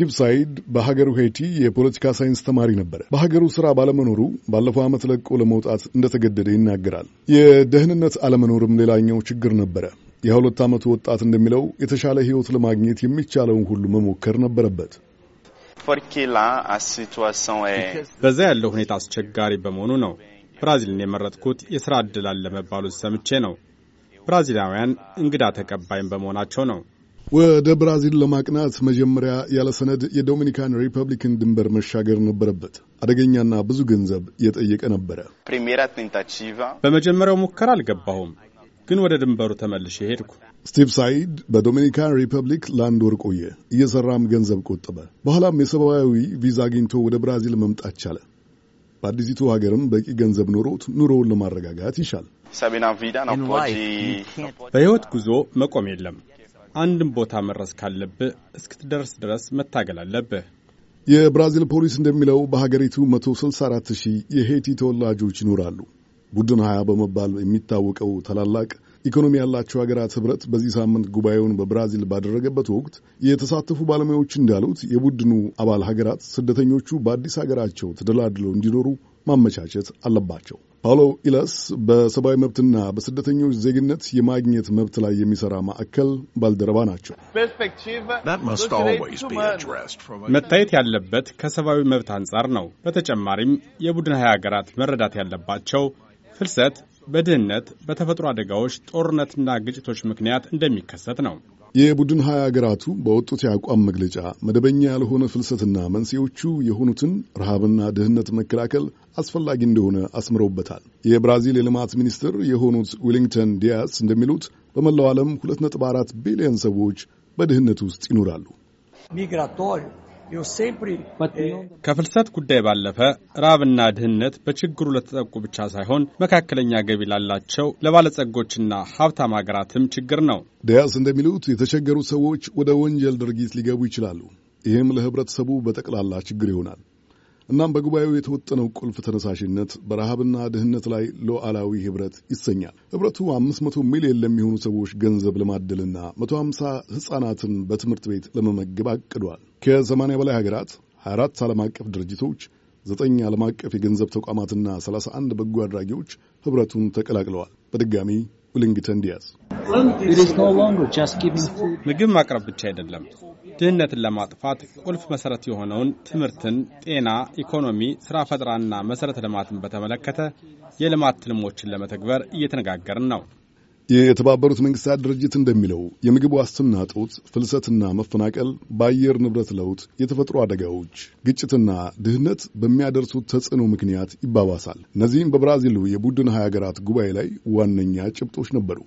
ስቲቭ ሳይድ በሀገሩ ሄይቲ የፖለቲካ ሳይንስ ተማሪ ነበረ። በሀገሩ ስራ ባለመኖሩ ባለፈው ዓመት ለቆ ለመውጣት እንደተገደደ ይናገራል። የደህንነት አለመኖርም ሌላኛው ችግር ነበረ። የሁለት ዓመቱ ወጣት እንደሚለው የተሻለ ህይወት ለማግኘት የሚቻለውን ሁሉ መሞከር ነበረበት። በዛ ያለው ሁኔታ አስቸጋሪ በመሆኑ ነው ብራዚልን የመረጥኩት። የሥራ ዕድል አለ ሰምቼ ነው። ብራዚላውያን እንግዳ ተቀባይም በመሆናቸው ነው። ወደ ብራዚል ለማቅናት መጀመሪያ ያለ ሰነድ የዶሚኒካን ሪፐብሊክን ድንበር መሻገር ነበረበት። አደገኛና ብዙ ገንዘብ የጠየቀ ነበረ። በመጀመሪያው ሙከራ አልገባሁም፣ ግን ወደ ድንበሩ ተመልሼ ሄድኩ። ስቲቭ ሳይድ በዶሚኒካን ሪፐብሊክ ለአንድ ወር ቆየ። እየሰራም ገንዘብ ቆጠበ። በኋላም የሰብአዊ ቪዛ አግኝቶ ወደ ብራዚል መምጣት ቻለ። በአዲሲቱ ሀገርም በቂ ገንዘብ ኖሮት ኑሮውን ለማረጋጋት ይሻል። በሕይወት ጉዞ መቆም የለም። አንድም ቦታ መድረስ ካለብህ እስክትደርስ ድረስ መታገል አለብህ። የብራዚል ፖሊስ እንደሚለው በሀገሪቱ 164 ሺህ የሄቲ ተወላጆች ይኖራሉ። ቡድን 20 በመባል የሚታወቀው ታላላቅ ኢኮኖሚ ያላቸው ሀገራት ህብረት በዚህ ሳምንት ጉባኤውን በብራዚል ባደረገበት ወቅት የተሳተፉ ባለሙያዎች እንዳሉት የቡድኑ አባል ሀገራት ስደተኞቹ በአዲስ ሀገራቸው ተደላድለው እንዲኖሩ ማመቻቸት አለባቸው። ፓውሎ ኢላስ በሰብአዊ መብትና በስደተኞች ዜግነት የማግኘት መብት ላይ የሚሰራ ማዕከል ባልደረባ ናቸው። መታየት ያለበት ከሰብአዊ መብት አንጻር ነው። በተጨማሪም የቡድን ሀያ ሀገራት መረዳት ያለባቸው ፍልሰት በድህነት፣ በተፈጥሮ አደጋዎች፣ ጦርነትና ግጭቶች ምክንያት እንደሚከሰት ነው። የቡድን ሀያ ሀገራቱ በወጡት የአቋም መግለጫ መደበኛ ያልሆነ ፍልሰትና መንስኤዎቹ የሆኑትን ረሃብና ድህነት መከላከል አስፈላጊ እንደሆነ አስምረውበታል። የብራዚል የልማት ሚኒስትር የሆኑት ዊሊንግተን ዲያስ እንደሚሉት በመላው ዓለም 2.4 ቢሊዮን ሰዎች በድህነት ውስጥ ይኖራሉ። Eh, ከፍልሰት ጉዳይ ባለፈ ራብና ድህነት በችግሩ ለተጠቁ ብቻ ሳይሆን መካከለኛ ገቢ ላላቸው ለባለጸጎችና ሀብታም ሀገራትም ችግር ነው። ዲያስ እንደሚሉት የተቸገሩ ሰዎች ወደ ወንጀል ድርጊት ሊገቡ ይችላሉ። ይህም ለህብረተሰቡ በጠቅላላ ችግር ይሆናል። እናም በጉባኤው የተወጠነው ቁልፍ ተነሳሽነት በረሃብና ድህነት ላይ ሉዓላዊ ህብረት ይሰኛል። ህብረቱ 500 ሚሊዮን ለሚሆኑ ሰዎች ገንዘብ ለማደልና 150 ህጻናትን በትምህርት ቤት ለመመገብ አቅዷል። ከ80 በላይ ሀገራት፣ 24 ዓለም አቀፍ ድርጅቶች፣ 9 ዓለም አቀፍ የገንዘብ ተቋማትና 31 በጎ አድራጊዎች ህብረቱን ተቀላቅለዋል። በድጋሚ ውልንግተን ዲያዝ ምግብ ማቅረብ ብቻ አይደለም። ድህነትን ለማጥፋት ቁልፍ መሰረት የሆነውን ትምህርትን፣ ጤና፣ ኢኮኖሚ፣ ስራ ፈጠራና መሰረተ ልማትን በተመለከተ የልማት ትልሞችን ለመተግበር እየተነጋገርን ነው። የተባበሩት መንግስታት ድርጅት እንደሚለው የምግብ ዋስትና እጦት፣ ፍልሰትና መፈናቀል፣ በአየር ንብረት ለውጥ፣ የተፈጥሮ አደጋዎች፣ ግጭትና ድህነት በሚያደርሱት ተጽዕኖ ምክንያት ይባባሳል። እነዚህም በብራዚሉ የቡድን ሀያ ሀገራት ጉባኤ ላይ ዋነኛ ጭብጦች ነበሩ።